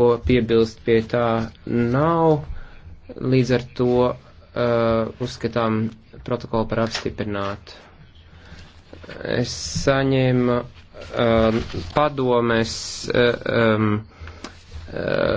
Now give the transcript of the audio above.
ko piebilst pie tā nav. Līdz ar to uh, uzskatām protokolu par apstiprinātu. Es saņēmu uh, padomes uh, um, uh,